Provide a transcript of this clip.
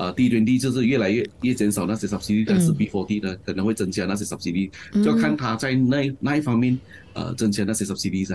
呃，D20 就是越來越越減少那些 subsidy，但是 B40 呢、嗯、可能會增加那些 subsidy、嗯、就要看他在那那一方面，呃，增加那些 subsidy 咋。